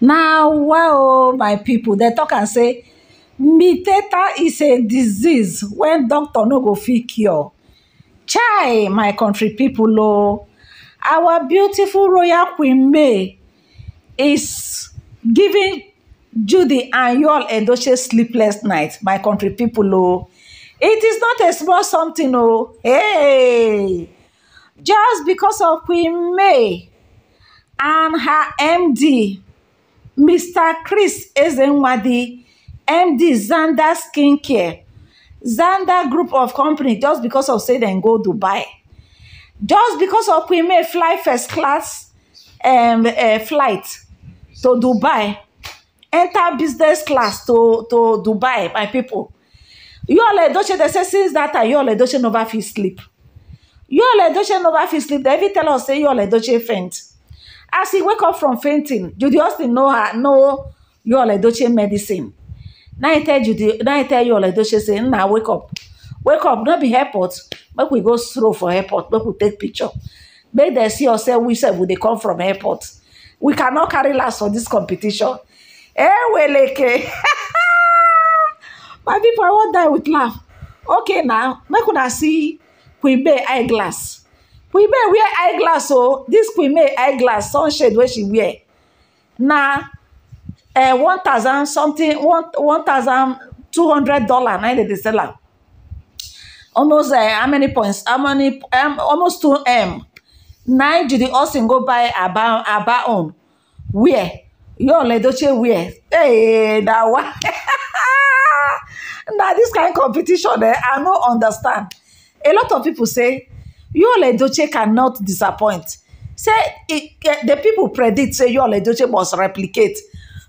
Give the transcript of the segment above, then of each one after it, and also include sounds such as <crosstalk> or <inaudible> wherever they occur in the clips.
Now, wow, my people, they talk and say, Miteta is a disease when doctor Nogo go cure. Chai, my country people, oh, our beautiful royal Queen May is giving Judy and Yul Edochie sleepless night, my country people, oh. It is not a small something, oh. Hey! Just because of Queen May and her MD, Mr. Chris Ezenwadi, MD Zander Skincare, Zander Group of Company, just because of say they go Dubai. Just because of we may fly first class um, uh, flight to Dubai, enter business class to, to Dubai, my people. You all Edoche, they say since that time, you all Edoche never fit sleep. You all Edoche never fit sleep. They even tell us, say you all Edoche faint. As he wake up from fainting, Judy Austin know her, know Yul Edochie medicine. Now he tell Judy, now he tell Yul Edochie say, "Now wake up, wake up. Don't be airport. Make we go through for airport. Make we take picture. Make them see us say we said we they come from airport. We cannot carry last for this competition. Eweleke. Eh, <laughs> My people, I won't die with laugh. Okay now, make una see Queen Bey eyeglass. We may wear eyeglass Oh, this queen may eyeglass sunshade where she wear na uh, one thousand something one one thousand two hundred dollar na dey dey sell am almost uh, how many points how many um, almost two m nine judy austin go buy aba aba own wear yoo ledoche wear hey na wa <laughs> na this kind competition eh, i no understand a lot of people say yul edoche cannot disappoint say eh, the people predict say yul edoche must replicate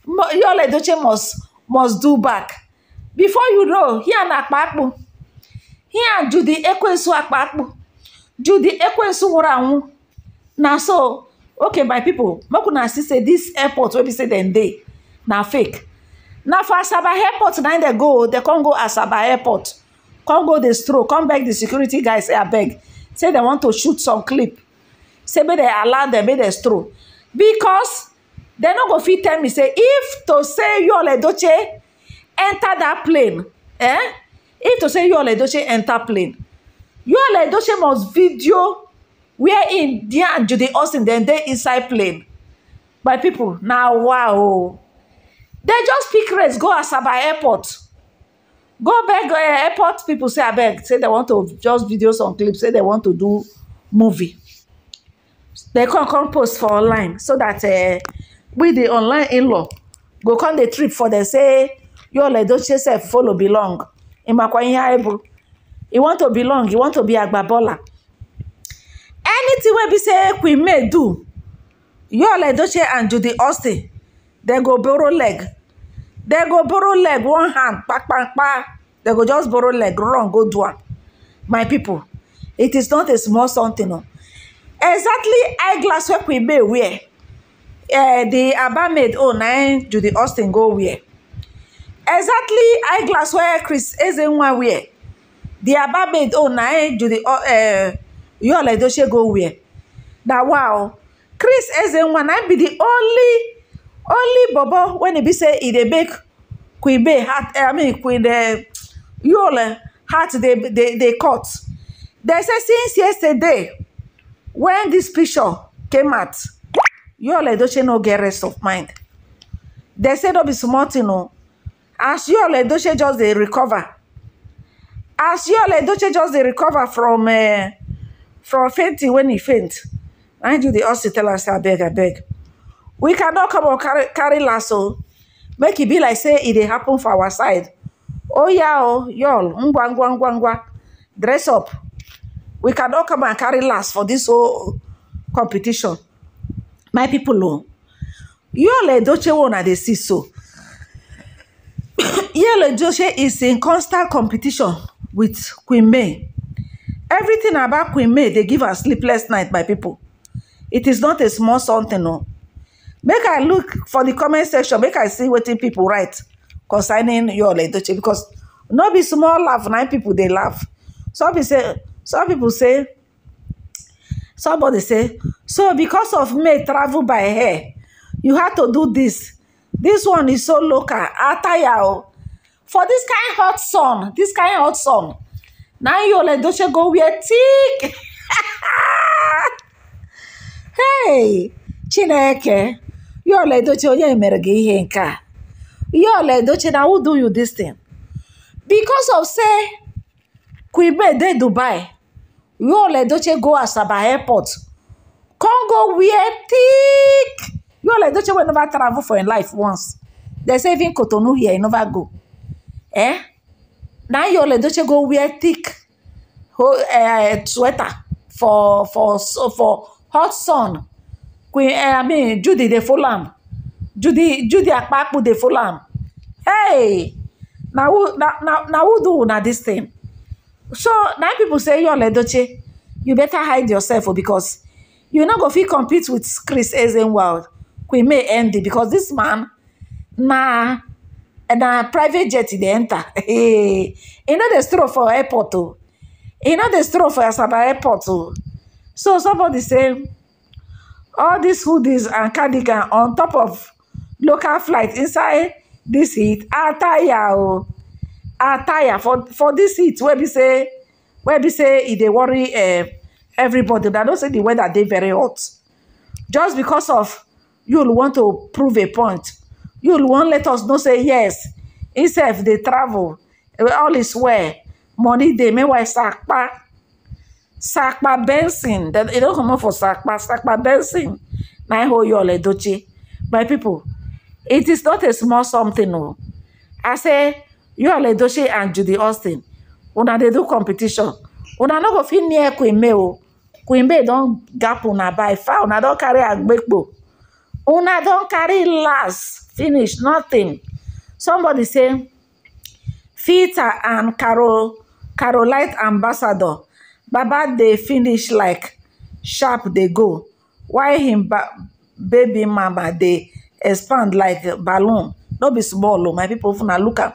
yul edoche must must do back before you know here na akpakpo here jude ekwensu akpakpo jude ekwensu nwụrụ anwụ Now so okay my people make una say this airport wey be say dem dey na fake na for asaba airport na they go they can't go asaba airport come go the stroll come back the security guys I beg say they want to shoot some clip say maybe they allow them, maybe they stroll because they no go fit tell me say if to say you yul edoche enter that plane eh if to say you yul edoche enter plane you yul edoche must video where im dia and judy austin Then they inside plane by people. Now wow they just pick race go asaba airport go beg eh, airport People say abeg say they want to just video some clips say they want to do movie They come come post for online so dat eh, we the online in law go come the trip for dem say you all don't yourself follow belong imakwanyaibu e want to belong You want to be a babola. anything we be say we may do You yoola edoche and judy austin Then go borrow leg They go borrow leg one hand kpakpakpa They go just borrow leg run go do one, my people. it is not a small something o exactly eyeglass wey queen may wear di eh, aba maid own oh, na judy austin go wear exactly eyeglass where chris ezenwa wear di aba maid own oh, na judy oh, eh, yoola edoche go wear na wow chris ezenwa nine be the only only bobo when e be say e dey make queen may heart eh, i mean queen eh, yole heart dey cut dem say since yesterday when dis picture came out yole edoche no get rest of mind dem say no be small tin o oh. as yole edoche just dey recover as yole edoche just dey recover from eh, from fainting when e faint mind you di hospital tell us abeg abeg we cannot come on carry carry lasso oh. make it be like say it dey happen for our side oh yeah oh y'all ngwa ngwa ngwa ngwa dress up we cannot come and carry last for this whole competition my people. Oh, y'all edoche eh, one i dey see so <coughs> y'all eh, is in constant competition with queen may everything about queen may they give her sleepless night my people. it is not a small something oh. make i look for the comment section make i see wetin people write concerning your edoche because no be small laugh nine people dey laugh some people say some people say somebody say so because of may travel by air you had to do this. This one is so local ataya o for this kind hot sun this kind hot sun na your edoche go wear thick <laughs> hey chineke ya ọla edoche onye mere gị ihe nke a ya ọla edoche na who do you this thing because of say Queen May dey Dubai ya do edoche go as Asaba airport Congo go wear thick ya ọla edoche wey never travel for in life once They say even Cotonou here e never go eh Now na ya do edoche go wear thick uh, sweater for for for hot sun queen eh, i mean judy dey follow am judy judy akpapu dey follow am hey now who now now who do una dis thing so now people say yon ledoche you better hide yourself oh, because you no go fit compete with chris world. queen may end it because this man nah and a private jet e enter. <laughs> Hey, you know the stroll for airport o oh. e no dey stroll for asaba airport o oh. so somebody say all these hoodies and cardigan on top of local flight inside this heat attire o attire for for this heat where we say we say e worry eh, everybody but i not say the weather they very hot just because of you will want to prove a point you will want let us know say yes if they travel all is well money they dey meanwhile sapa Sakpa Benson. They don't come out for Sakpa. Sakpa Benson. My whole y'all My people, it is not a small something. No. I say, y'all doche and Judy Austin. Una they do competition. Una no go fit near Queen May. Oh. Queen May don gap una by far. Una don carry a agbekpo. Una don carry last. Finish. Nothing. Somebody say, Fita and Carol, Carolite ambassador. baba dey finish like sharp dey go while him baby mama dey expand like balloon no be small o oh, my people. una look am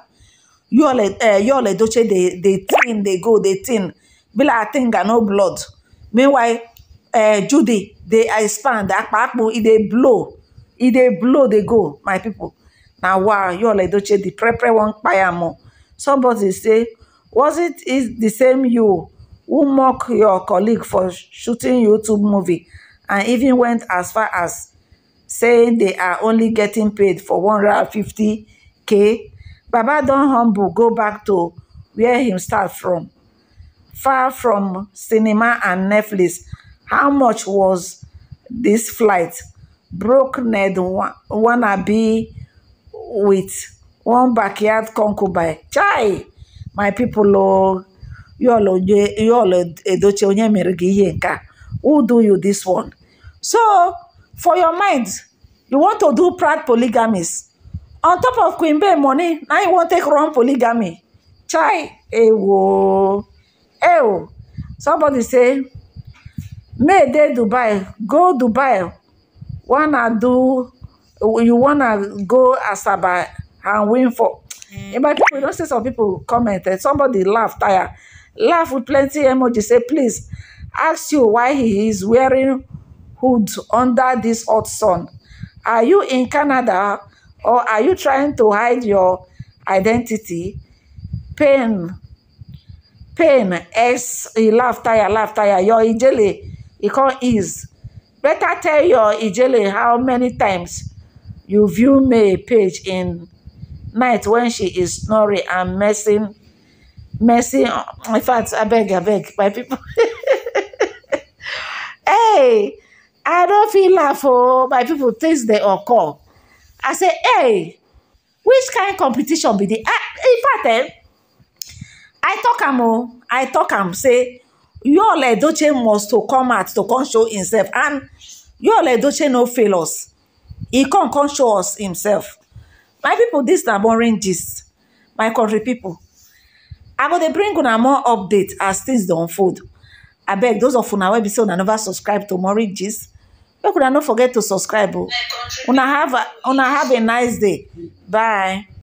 yul eh, edoche dey thin dey go dey thin be like atinga no blood meanwhile eh, judy dey expand akpaakpo e dey blow e dey blow dey go my pipo na wow yul edoche di prepare wan kpai am o oh. somebody say was it is the same you who mock your colleague for shooting YouTube movie and even went as far as saying they are only getting paid for 150k. Baba Don Humble go back to where he start from. Far from cinema and Netflix, how much was this flight? Broke Ned wannabe with one backyard concubine. Chai! My people, oh, yolo yolo edoche onye mere gị ihe nke a who do you this one so for your mind you want to do proud polygamies on top of queen bee money na you want take run polygamy chai ewo ewo somebody say may dey dubai go dubai wanna do you wanna go asaba and win for. Mm. In my people, you know, say some people commented, eh, somebody laugh tire. laugh with plenty emoji say please ask you why he is wearing hood under this hot sun are you in canada or are you trying to hide your identity pain pain s he laugh tire laugh tire your ijele can call ease better tell your ijele how many times you view may page in night when she is snoring and messing mercy uh, in fact I beg, my people. <laughs> hey i don't feel laugh oh my pipo they dey occur i say hey which kind competition be the? in fact eh i talk am oh i talk am say yall edoche eh, must to come out to come show himself and yall edoche eh, no fail us e come come show us himself my people, this is boring gist my country people i going to bring una more updates as things dey unfold beg those of una wey be say una never subscribe to mori gist make una not forget to subscribe o oh. una have a nice day bye